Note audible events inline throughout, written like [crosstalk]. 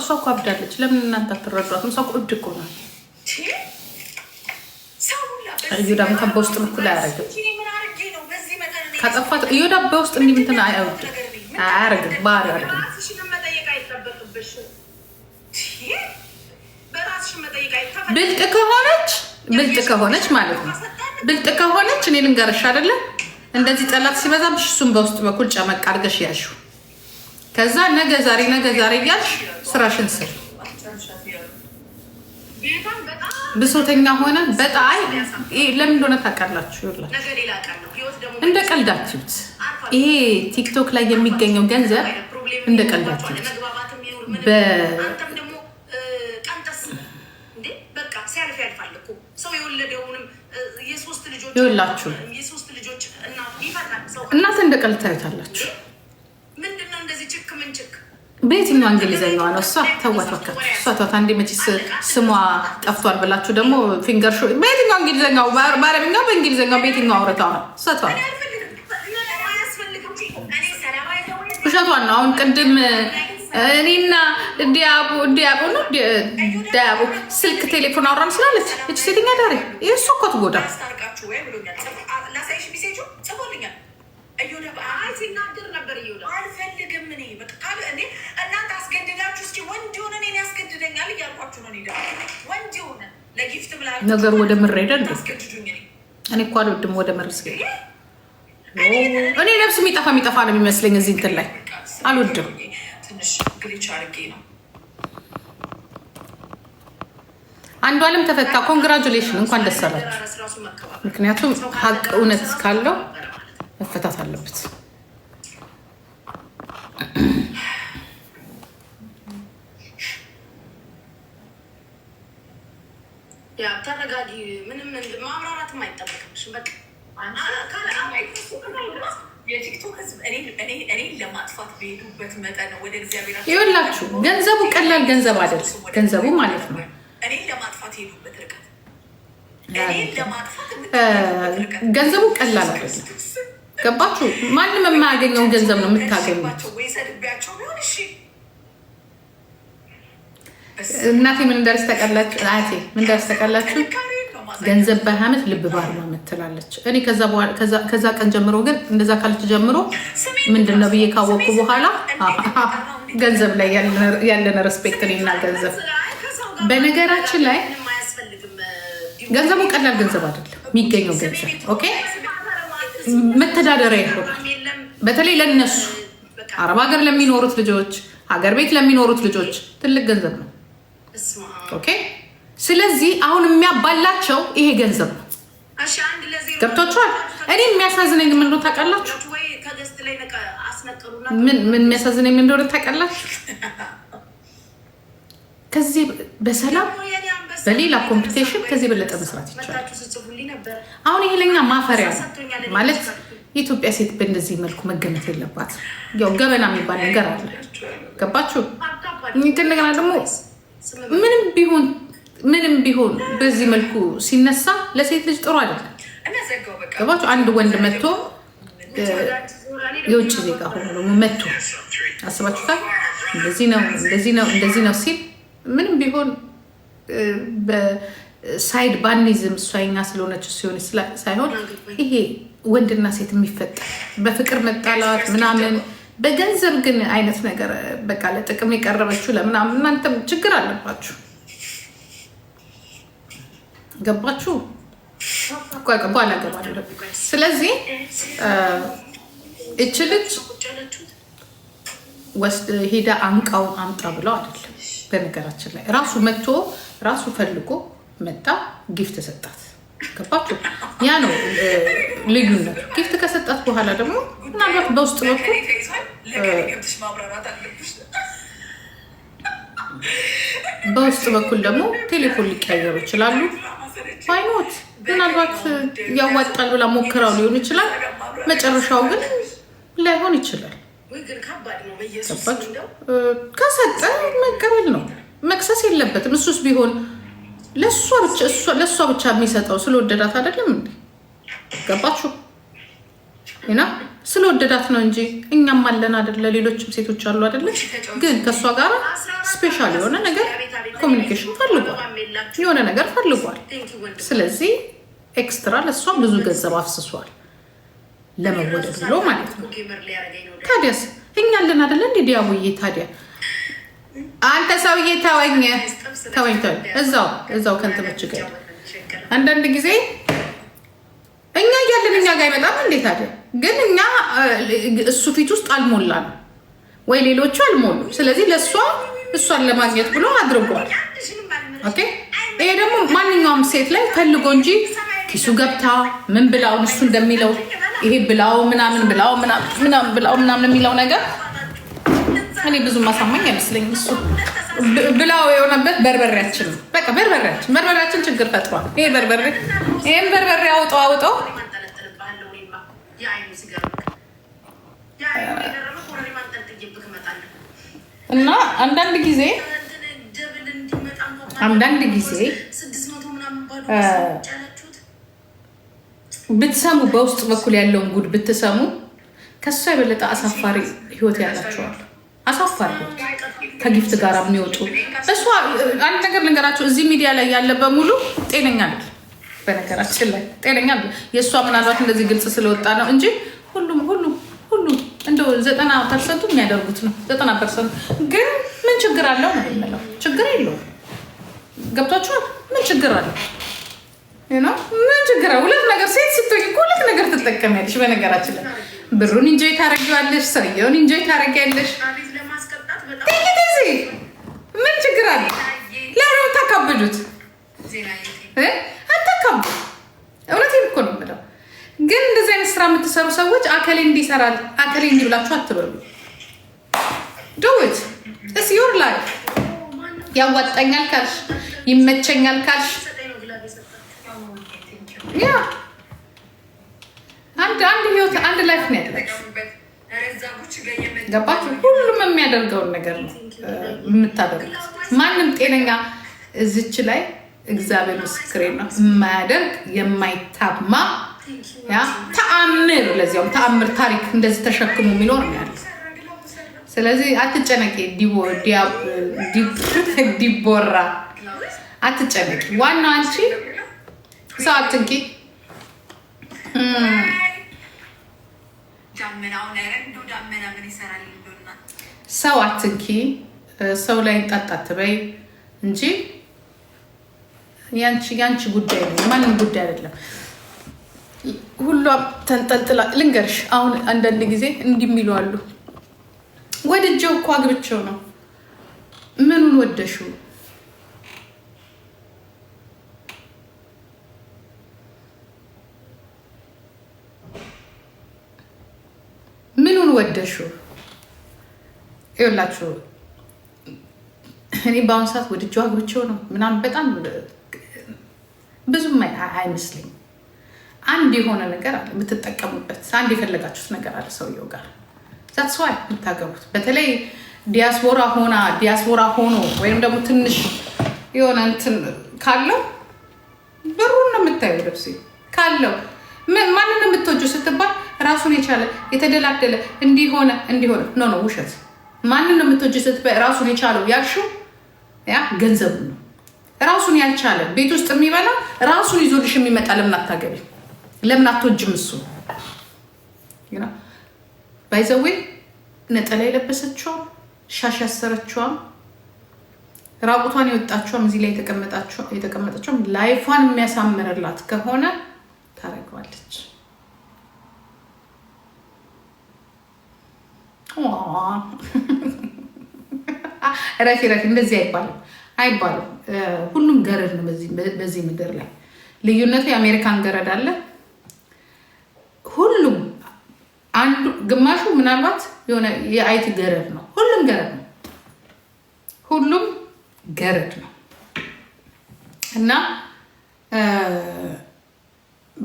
እሷ እኮ አብዳለች። ለምን እናንተ አትረዷትም? እሷ እኮ እብድ እኮ እንኳን በውስጥ በኩል አያደርግም። ከጠፋት እዮዳብ በውስጥ እንዲህ እንትን አያደርግም፣ ባህሪ ብልጥ ከሆነች ብልጥ ከሆነች ማለት ነው። ብልጥ ከሆነች እኔ ልንገርሽ አይደለም እንደዚህ ጠላት ሲበዛ እሱን በውስጥ በኩል ጨመቅ አድርገሽ ያሽው ከዛ ነገ ዛሬ ነገ ዛሬ እያልሽ ስራሽን ስር ብሶተኛ ሆነ በጣይ ለምን እንደሆነ ታውቃላችሁ። እንደ ቀልዳችሁት ይሄ ቲክቶክ ላይ የሚገኘው ገንዘብ እንደ ቀልዳችሁት ይኸውላችሁ እናት እንደ ቀልድ ታዩታላችሁ። በየትኛው እንግሊዘኛዋ ነው እሷ? ተዋት በካችሁ፣ እሷ ተዋት። አንዴ መቼ ስሟ ጠፍቷል ብላችሁ ደግሞ ፊንገር ሾ። በየትኛው እንግሊዘኛው? በአረብኛው፣ በእንግሊዘኛው፣ በየትኛው አውረታ ነው? እሷ ተዋት፣ ውሸቷን ነው። አሁን ቅድም እኔና ዲያቦ ዲያቦ ነው ዲያቦ ስልክ ቴሌፎን አውራን ስላለች እች ሴተኛ ዳሬ እሱ እኮ ትጎዳ እናንተ አስገድዳችሁ እስኪ ወንድ ሆነ እኔን ያስገድደኛል እያልኳችሁ ነው። ሄደ ወንድ ሆነ ለጊፍት ብላ ነገር ወደ ምር ሄደ። አስገድዱኝ። እኔ እኮ አልወድም ወደ ምር ስሄድ እኔ ነብስ የሚጠፋ የሚጠፋ ነው የሚመስለኝ። እዚህ እንትን ላይ አልወድም። አንዱ አለም ተፈታ። ኮንግራጁሌሽን እንኳን ደስ አላችሁ። ምክንያቱም ሀቅ እውነት ካለው መፈታት አለበት። ይኸውላችሁ ገንዘቡ ቀላል ገንዘብ አይደል፣ ገንዘቡ ማለት ነው። ገንዘቡ ቀላል አይደል፣ ገባችሁ? ማንም የማያገኘውን ገንዘብ ነው የምታገኙት። እናቴ ምን እንዳልስተቀላችሁ፣ እናቴ ምን ተቀላችሁ? እናቴ ምን ገንዘብ ባያመት ልብ ባርማ ትላለች እኔ ከዛ ቀን ጀምሮ ግን እንደዛ ካለች ጀምሮ ምንድን ነው ብዬ ካወቅኩ በኋላ ገንዘብ ላይ ያለን ሬስፔክት እና ገንዘብ በነገራችን ላይ ገንዘቡ ቀላል ገንዘብ አይደለም። የሚገኘው ገንዘብ ኦኬ መተዳደሪያ ይሆናል። በተለይ ለነሱ አረብ ሀገር ለሚኖሩት ልጆች፣ ሀገር ቤት ለሚኖሩት ልጆች ትልቅ ገንዘብ ነው ኦኬ ስለዚህ አሁን የሚያባላቸው ይሄ ገንዘብ ነው። ገብቷችኋል? እኔ የሚያሳዝነኝ ምን እንደሆነ ታውቃላችሁ? ምን የሚያሳዝነኝ ምን እንደሆነ ታውቃላችሁ? ከዚህ በሰላም በሌላ ኮምፒቴሽን ከዚህ የበለጠ መስራት ይቻላል። አሁን ይሄ ለኛ ማፈሪያ ነው ማለት የኢትዮጵያ ሴት በእንደዚህ መልኩ መገመት የለባት ያው ገበና የሚባል ነገር አለ። ገባችሁ? እንደገና ደግሞ ምንም ቢሆን ምንም ቢሆን በዚህ መልኩ ሲነሳ ለሴት ልጅ ጥሩ አይደለም። አንድ ወንድ መጥቶ የውጭ ዜጋ ሆኖ መጥቶ አስባችሁታል። እንደዚህ ነው እንደዚህ ነው እንደዚህ ነው ሲል ምንም ቢሆን ሳይድ ባኒዝም እሷኛ ስለሆነች ሲሆን ሳይሆን ይሄ ወንድና ሴት የሚፈጠር በፍቅር መጣላት ምናምን በገንዘብ ግን አይነት ነገር በቃ ለጥቅም የቀረበችው ለምናምን እናንተም ችግር አለባችሁ። ገባችሁ? በኋላ ገባለሁ። ስለዚህ እች ልጅ ሄዳ አንቃው አምጣ ብለው አይደለም። በነገራችን ላይ ራሱ መጥቶ ራሱ ፈልጎ መጣ፣ ጊፍት ሰጣት። ገባችሁ? ያ ነው ልዩነቱ። ጊፍት ከሰጣት በኋላ ደግሞ ምናልባት በውስጥ በኩል በውስጥ በኩል ደግሞ ቴሌፎን ሊቀያየሩ ይችላሉ። ባይኖት ምናልባት ያዋጣል ብላ ሞክራው ሊሆን ይችላል። መጨረሻው ግን ላይሆን ይችላል። ከሰጠ መቀበል ነው። መክሰስ የለበትም። እሱስ ቢሆን ለእሷ ብቻ የሚሰጠው ስለወደዳት አይደለም እንዴ? ገባችሁ? ና ስለወደዳት ነው እንጂ እኛም አለን አደለ፣ ሌሎችም ሴቶች አሉ አደለ። ግን ከእሷ ጋር ስፔሻል የሆነ ነገር ኮሚኒኬሽን ፈልጓል፣ የሆነ ነገር ፈልጓል። ስለዚህ ኤክስትራ ለእሷ ብዙ ገንዘብ አፍስሷል ለመወደድ ብሎ ማለት ነው። ታዲያስ እኛ አለን አደለ እንዲ ዲያሙዬ። ታዲያ አንተ ሰውዬ ተወኝ ተወኝ ተወኝ፣ እዛው እዛው ከንትኖች ጋር አንዳንድ ጊዜ እያለን እኛ ጋር ይመጣል። እንዴት አደ ግን እኛ እሱ ፊት ውስጥ አልሞላን ወይ ሌሎቹ አልሞሉ። ስለዚህ ለእሷ እሷን ለማግኘት ብሎ አድርጓል። ይሄ ደግሞ ማንኛውም ሴት ላይ ፈልጎ እንጂ ኪሱ ገብታ ምን ብላው እሱ እንደሚለው ይሄ ብላው ምናምን ብላው ምናምን ብላው ምናምን የሚለው ነገር እኔ ብዙ ማሳማኝ አይመስለኝ። እሱ ብላው የሆነበት በርበሬያችን ነው። በቃ በርበሬያችን በርበሬያችን ችግር ፈጥሯል። ይሄ በርበሬ ይህም በርበሬ አውጦ አውጦ እና አንዳንድ ጊዜ አንዳንድ ጊዜ ብትሰሙ በውስጥ በኩል ያለውን ጉድ ብትሰሙ ከእሷ የበለጠ አሳፋሪ ህይወት ያላቸዋል። አሳፋሪ ህይወት ከጊፍት ጋር የሚወጡ እሷ አንድ ነገር ልንገራቸው፣ እዚህ ሚዲያ ላይ ያለ በሙሉ ጤነኛ አይደል በነገራችን ላይ ጤነኛ የእሷ ምናልባት እንደዚህ ግልጽ ስለወጣ ነው እንጂ ሁሉም ሁሉም ሁሉም እንደው ዘጠና ፐርሰንቱ የሚያደርጉት ነው። ዘጠና ፐርሰንቱ ግን ምን ችግር አለው ነው የምለው። ችግር የለው ገብቷችኋል? ምን ችግር አለው? ምን ችግር ሁለት ነገር ሴት ስትሆኝ እኮ ሁለት ነገር ትጠቀሚያለሽ። በነገራችን ላይ ብሩን እንጆይ ታረጊዋለሽ፣ ሰውየውን እንጆይ ታረጊያለሽ። ምን ችግር አለው? ለሮ ታካብዱት ስራ የምትሰሩ ሰዎች አከሌ እንዲሰራል አከሌ እንዲብላችሁ አትበሉ። ዱት እስ ዩር ላይ ያዋጣኛል ካልሽ ይመቸኛል ካልሽ ያ አንድ አንድ ህይወት አንድ ላይፍ ነው ያለች። ገባችሁ? ሁሉም የሚያደርገውን ነገር ነው uh, የምታደርጉት። ማንም ጤነኛ እዚች ላይ እግዚአብሔር ምስክሬ ነው የማያደርግ የማይታማ ተአምር፣ ለዚያውም ተአምር ታሪክ እንደዚህ ተሸክሞ የሚኖር ነው ያለ። ስለዚህ አትጨነቂ ዲቦራ፣ አትጨነቂ። ዋናው አንቺ ሰው አትንኪ። ሰው አትንኪ። ሰው ላይ ጣጣ አትበይ እንጂ ያንቺ ጉዳይ ነው፣ ማንም ጉዳይ አይደለም። ሁሏም ተንጠልጥላ ልንገርሽ። አሁን አንዳንድ ጊዜ እንዲህ የሚሉ አሉ። ወድጀው እኮ አግብቼው ነው። ምኑን ወደሽው? ምኑን ወደሽው? ይኸውላችሁ እኔ በአሁኑ ሰዓት ወድጀው አግብቼው ነው ምናምን በጣም ብዙም አይመስለኝም። አንድ የሆነ ነገር አለ የምትጠቀሙበት፣ አንድ የፈለጋችሁት ነገር አለ ሰውየው ጋር ዛትስ የምታገቡት። በተለይ ዲያስፖራ ሆና ዲያስፖራ ሆኖ ወይም ደግሞ ትንሽ የሆነ እንትን ካለው ብሩን ነው የምታዩ ልብስ ካለው ማንን የምትወጁ ስትባል ራሱን የቻለ የተደላደለ እንዲሆነ እንዲሆነ ኖ ነው ውሸት። ማንን ነው የምትወጁ ስትባል ራሱን የቻለው ያልሺው ያ ገንዘቡ ነው። ራሱን ያልቻለ ቤት ውስጥ የሚበላ ራሱን ይዞልሽ የሚመጣ ለምን ለምን አትወጅም? እሱ ባይዘዌ ነጠላ የለበሰችዋም ሻሽ ያሰረችዋም ራቁቷን የወጣችዋም እዚህ ላይ የተቀመጠችዋም ላይፏን የሚያሳምርላት ከሆነ ታደርገዋለች። [laughs] ረፊ ረፊ እንደዚህ አይባልም አይባልም። ሁሉም ገረድ ነው በዚህ ምድር ላይ ልዩነቱ የአሜሪካን ገረድ አለ አንዱ ግማሹ ምናልባት የሆነ የአይት ገረድ ነው። ሁሉም ገረድ ነው። ሁሉም ገረድ ነው እና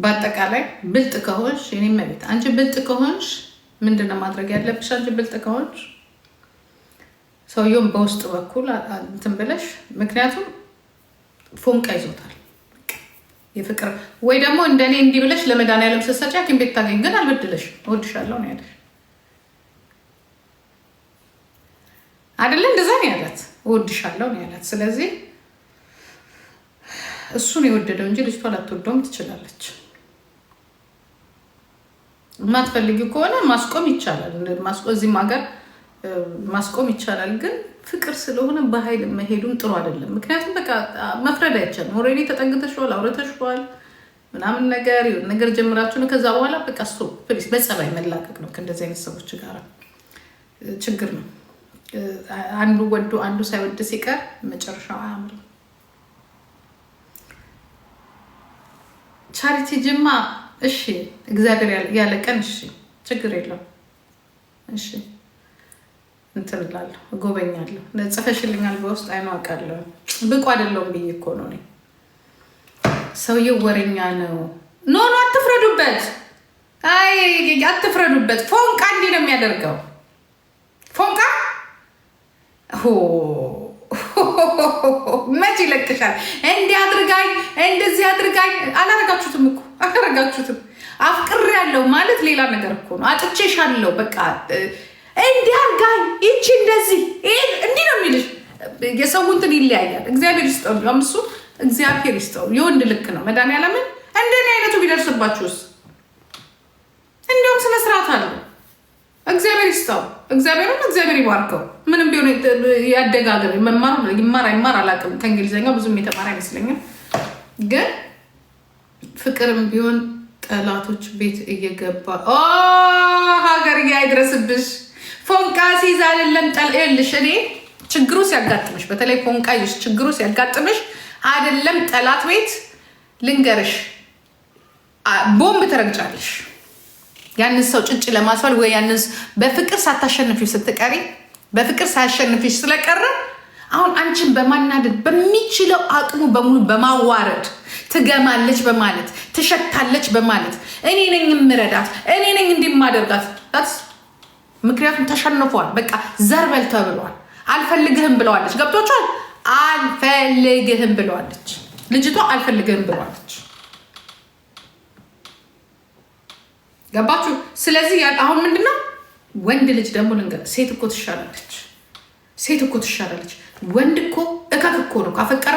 በአጠቃላይ ብልጥ ከሆንሽ እኔ መቤት አንቺ ብልጥ ከሆንሽ ምንድን ነው ማድረግ ያለብሽ? አንቺ ብልጥ ከሆንሽ ሰውየውን በውስጥ በኩል እንትን ብለሽ ምክንያቱም ፎንቃ ይዞታል። የፍቅር ወይ ደግሞ እንደኔ እንዲህ ብለሽ ለመድኃኒዓለም ስትሰጪ ሐኪም ቤት ታገኝ ግን አልበድለሽ እወድሻለሁ ነው ያለሽ አይደለ? እንደዛ ነው ያላት። እወድሻለሁ ነው ያላት። ስለዚህ እሱን የወደደው እንጂ ልጅቷ ላትወደውም ትችላለች። የማትፈልጊው ከሆነ ማስቆም ይቻላል። እዚህም ሀገር ማስቆም ይቻላል፣ ግን ፍቅር ስለሆነ በኃይል መሄዱን ጥሩ አይደለም። ምክንያቱም በቃ መፍረድ አይቻልም። ኦልሬዲ ተጠግተሽዋል፣ አውረተሽዋል፣ ምናምን ነገር የሆነ ነገር ጀምራችሁ ነው። ከዛ በኋላ በቃ እሱ ፕሊስ በጸባይ መላቀቅ ነው። ከእንደዚህ አይነት ሰዎች ጋር ችግር ነው። አንዱ ወዶ አንዱ ሳይወድ ሲቀር መጨረሻው አያምርም። ቻሪቲ ጅማ እሺ፣ እግዚአብሔር ያለቀን እሺ፣ ችግር የለም። እሺ እንትን እላለሁ እጎበኛለሁ። ጽፈሽልኛል በውስጥ አይማውቃለሁ ብቁ አይደለሁም ብዬ እኮ ነው። እኔ ሰውዬው ወረኛ ነው። ኖ ኖ አትፍረዱበት፣ አይ አትፍረዱበት። ፎንቃ እንዲህ ነው የሚያደርገው። ፎንቃ መች ይለቅሻል? እንዲህ አድርጋኝ፣ እንደዚህ አድርጋኝ። አላረጋችሁትም እኮ አላረጋችሁትም። አፍቅሬያለሁ ማለት ሌላ ነገር እኮ ነው። አጥቼሻለሁ በቃ እንዲህ አድርጋኝ ይቺ እንደዚህ እንዲህ ነው የሚልሽ። የሰው እንትን ይለያያል። እግዚአብሔር ይስጠው፣ እንዲሁም እግዚአብሔር ይስጠው። የወንድ ልክ ነው። መድኃኒዓለምን እንደኔ አይነቱ ቢደርስባችሁስ? እንዲሁም ስነ ስርዓት አለው። እግዚአብሔር ይስጠው፣ እግዚአብሔርም እግዚአብሔር ይባርከው። ምንም ቢሆን ያደጋገር መማር ይማር አይማር አላውቅም። ከእንግሊዝኛው ብዙም የተማረ አይመስለኝም። ግን ፍቅርም ቢሆን ጠላቶች ቤት እየገባ ሀገር እያይ ድረስብሽ ፎንቃ ሲይዝ አይደለም ጠል ይልሽ እኔ ችግሩ ሲያጋጥምሽ፣ በተለይ ፎንቃ ይሽ ችግሩ ሲያጋጥምሽ አይደለም ጠላት ቤት ልንገርሽ፣ ቦምብ ትረግጫለሽ። ያንን ሰው ጭጭ ለማስባል ወይ ያንን በፍቅር ሳታሸንፊሽ ስትቀሪ በፍቅር ሳያሸንፊሽ ስለቀረ አሁን አንቺን በማናደድ በሚችለው አቅሙ በሙሉ በማዋረድ ትገማለች በማለት ትሸታለች በማለት እኔ ነኝ የምረዳት እኔ ነኝ እንዲህ የማደርጋት ምክንያቱም ተሸንፏል። በቃ ዘርበል ተብሏል። አልፈልግህም ብለዋለች። ገብቶቿል። አልፈልግህም ብለዋለች። ልጅቷ አልፈልግህም ብለዋለች። ገባችሁ? ስለዚህ አሁን ምንድነው ወንድ ልጅ ደግሞ ልንገር፣ ሴት እኮ ትሻላለች። ሴት እኮ ትሻላለች። ወንድ እኮ እከክ እኮ ነው ካፈቀረ